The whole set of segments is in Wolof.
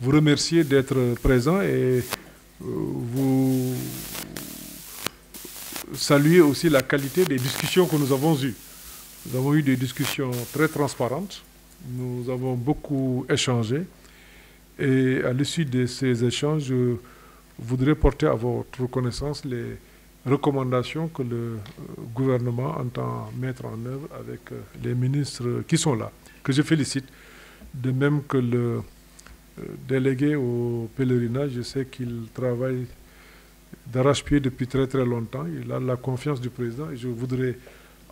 vous remercier d'être présent et euh, vous saluer aussi la qualité des discussions que nous avons eues. Nous avons eu des discussions très transparentes, nous avons beaucoup échangé et à l'issue de ces échanges, je voudrais porter à votre reconnaissance les recommandations que le euh, gouvernement entend mettre en œuvre avec euh, les ministres qui sont là, que je félicite, de même que le délégué au pèlerinage, je sais qu'il travaille d'arrache-pied depuis très très longtemps. Il a la confiance du président et je voudrais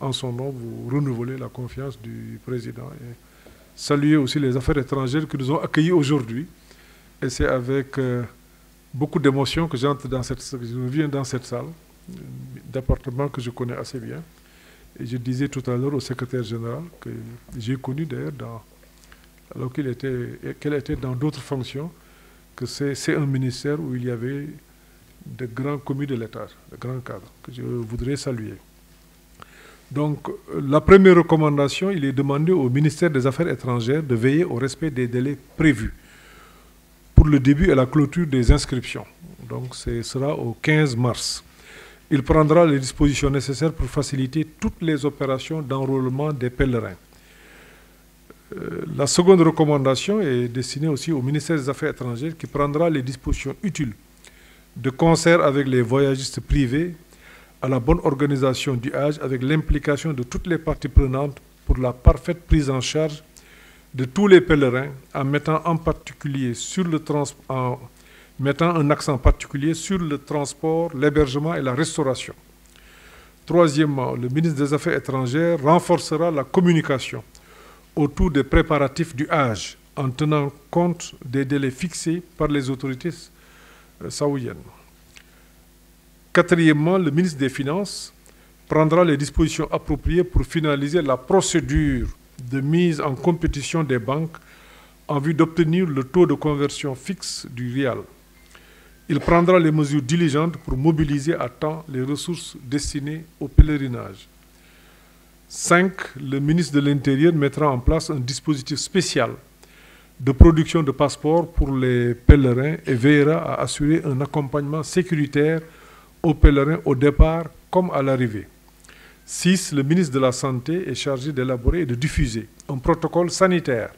en son nom vous renouveler la confiance du président et saluer aussi les affaires étrangères qui nous ont accueillis aujourd'hui. Et c'est avec euh, beaucoup d'émotion que j'entre dans cette je viens dans cette salle euh, d'appartement que je connais assez bien. Et je disais tout à l'heure au secrétaire général que j'ai connu d'ailleurs dans alors qu'elle était, était dans d'autres fonctions, que c'est un ministère où il y avait de grands commis de l'État, de grands cadres, que je voudrais saluer. Donc, la première recommandation, il est demandé au ministère des Affaires étrangères de veiller au respect des délais prévus pour le début et la clôture des inscriptions. Donc, ce sera au 15 mars. Il prendra les dispositions nécessaires pour faciliter toutes les opérations d'enrôlement des pèlerins. Euh, la seconde recommandation est destinée aussi au ministère des Affaires étrangères qui prendra les dispositions utiles de concert avec les voyagistes privés à la bonne organisation du Hajj avec l'implication de toutes les parties prenantes pour la parfaite prise en charge de tous les pèlerins en mettant en particulier sur le en mettant un accent particulier sur le transport, l'hébergement et la restauration. Troisièmement, le ministre des Affaires étrangères renforcera la communication autour des préparatifs du âge, en tenant compte des délais fixés par les autorités euh, saoudiennes. Quatrièmement, le ministre des Finances prendra les dispositions appropriées pour finaliser la procédure de mise en compétition des banques en vue d'obtenir le taux de conversion fixe du RIAL. Il prendra les mesures diligentes pour mobiliser à temps les ressources destinées au pèlerinage. 5. Le ministre de l'Intérieur mettra en place un dispositif spécial de production de passeports pour les pèlerins et veillera à assurer un accompagnement sécuritaire aux pèlerins au départ comme à l'arrivée. 6. Le ministre de la Santé est chargé d'élaborer et de diffuser un protocole sanitaire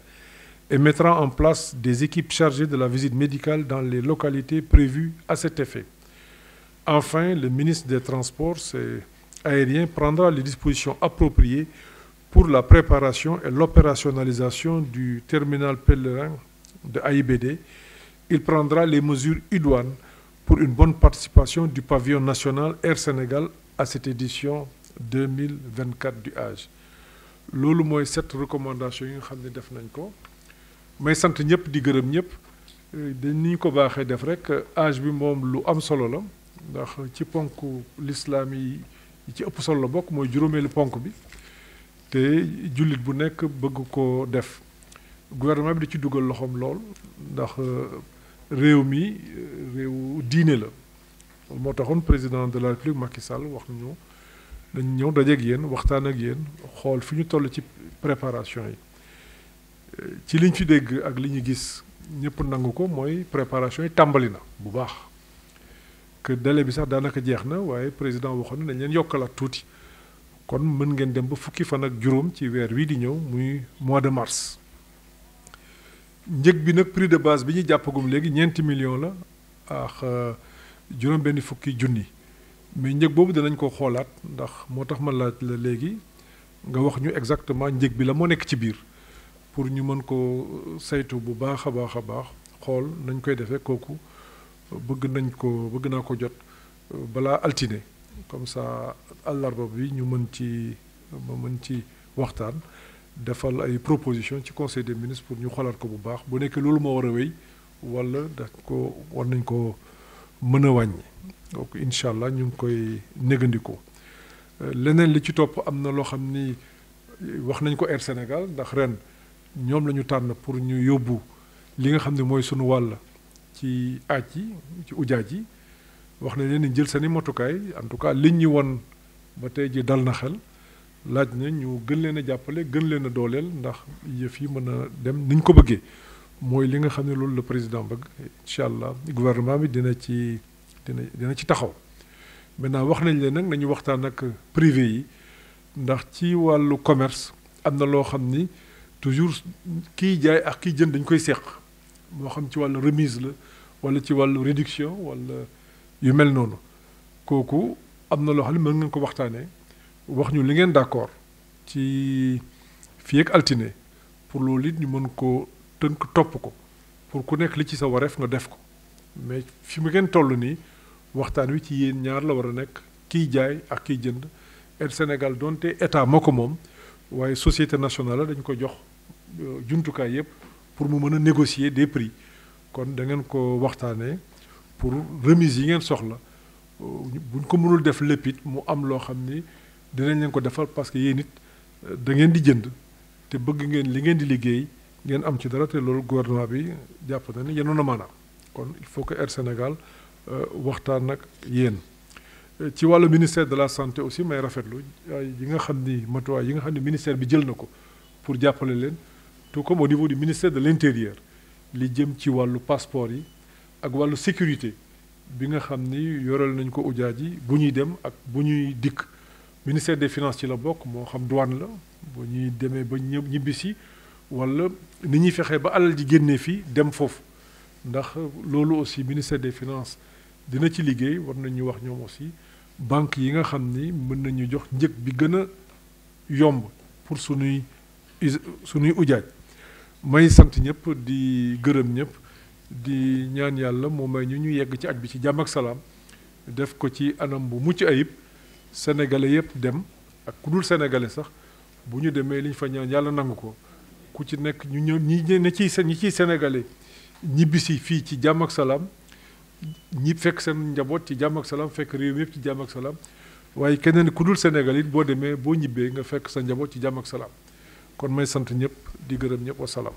et mettra en place des équipes chargées de la visite médicale dans les localités prévues à cet effet. Enfin, le ministre des Transports aérien prendra les dispositions appropriées pour la préparation et l'opérationnalisation du terminal pèlerin de AIBD. Il prendra les mesures idoines pour une bonne participation du pavillon national Air Sénégal à cette édition 2024 du Hajj Lolo moy cette recommandation yi nga xamné def nañ ko may sant ñep di ñep que eh, ni ko baxé def rek bi lu am solo la ci ëpp solo la bokk mooy juróomeelu ponk bi te jullit bu nekk bëgg koo def gouvernement bi di ci dugal loxom lool ndax euh, réew mi euh, réew diine la moo taxoon président de la république Macky Sall wax nañu dañ ñëw dajeeg yéen waxtaan ak yéen xool fi ñu toll ci préparation yi euh, ci liñ fi dégg ak li ñu gis ñëpp nangu ko mooy préparation yi tàmbali na bu baax que délai bi sax daanaka jeex na waaye président waxoon nañ leen yokkalaat tuuti kon mën ngeen dem ba fukki fan ak juróom ci weer wii di ñëw muy mois de mars njëg bi nag prix de base bi ñu jàppagum léegi ñeenti million la ak euh, juróom benn fukki junni mais njëg boobu danañ ko xoolaat ndax moo tax ma laaj la léegi nga wax ñu exactement njëg bi la moo nekk ci biir pour ñu mën ko euh, saytu bu baax a baax a baax xool nañ koy defee kooku bëgg nañ ko bëgg naa ko jot euh, balaa altine comme ça àllarba bi ñu mën ci ma mën ci waxtaan defal ay proposition ci conseil des ministres pour ñu xoolaat ko bu baax bu nekkee loolu moo war a wéy wala da ko war nañ ko mën a wàññi donc incha allah ñu ngi koy négandikoo euh, leneen li ci topp am na loo xam ni wax nañ ko Air Sénégal ndax ren ñoom la ñu tànn pour ñu yóbbu li nga xam ne mooy sunu wàll ci aaj yi ci ujaaj yi wax na leen ni jël seeni motukaay en tout cas liñ ñi won ba tey ji dal na xel laaj na ñu gën leen a jàppale gën leen a dooleel ndax yëf yi mën a dem niñ ko bëggee mooy li nga xam ne loolu la président bëgg incha allah gouvernement bi dina ci dina ci taxaw maintenant wax nañ leen nag nañu waxtaan ak privé yi ndax ci wàllu commerce am na loo xam ni toujours kiy jaay ak kiy jën dañ koy seq moo xam ci wàllu remise la wala ci wàllu réduction wala yu mel noonu kooku am na loo xam ne mën ngeen ko waxtaanee wax ñu li ngeen d'accord ci fii ak altine pour loolu it ñu mën ko tënk topp ko pour ku nekk li ci sa wareef nga def ko mais fi mu ngeen toll nii waxtaan wi ci yéen ñaar la war a nekk kiy jaay ak kiy jënd et Sénégal donte état moo ko moom waaye société nationale dañ ko jox euh, jumtukaay yépp pour mu négocier des prix kon da ngeen ko pour remise yi ngeen buñ ko mënul def mu am parce que euh, da ngeen di jënd bëgg ngeen li ngeen di ngeen am ci dara bi il faut que Air Sénégal euh, waxtaan ak yéen euh, ci Le ministère de la santé aussi yi nga ministère bi jël pour jàppale tout comme au niveau du ministère de l'intérieur li qui ci le passeport yi ak wàllu sécurité bi nga xam ni yoral nañ ko ujaaj dem ak bu ministère des finances ci la comme moo xam douane la bu ñuy demee ba ñë ñibbisi wala ni ñuy fexee ba alal ji dem fof, ndax lolu aussi ministère des finances dina ci liggéey war nañu wax ñoom aussi banque yi nga xam ni mën nañu jox njëg bi yomb pour sunuy sunuy ujaaj may sant ñëpp di gërëm ñëpp di ñaan yàlla mu may ñu ñu yegg ci aj bi ci jàmm ak salaam def ko ci anam bu mucc ayib sénégalais yépp dem ak ku dul sénégalais sax bu ñu demee liñ fa ñaan yàlla nangu ko ku ci nekk ñu ñëw ñi ne ci ñi ciy sénégalais ñibbisi fii ci jàmm ak salam ñi fekk seen njaboot ci jàmm ak salaam fekk réew yëpp ci jàmm ak salaam waaye keneen ku dul sénégalais boo demee boo ñibbee nga fekk sa njaboot ci jàmm ak salaam kon may sant ñëpp di gërëm ñëpp wasalaam.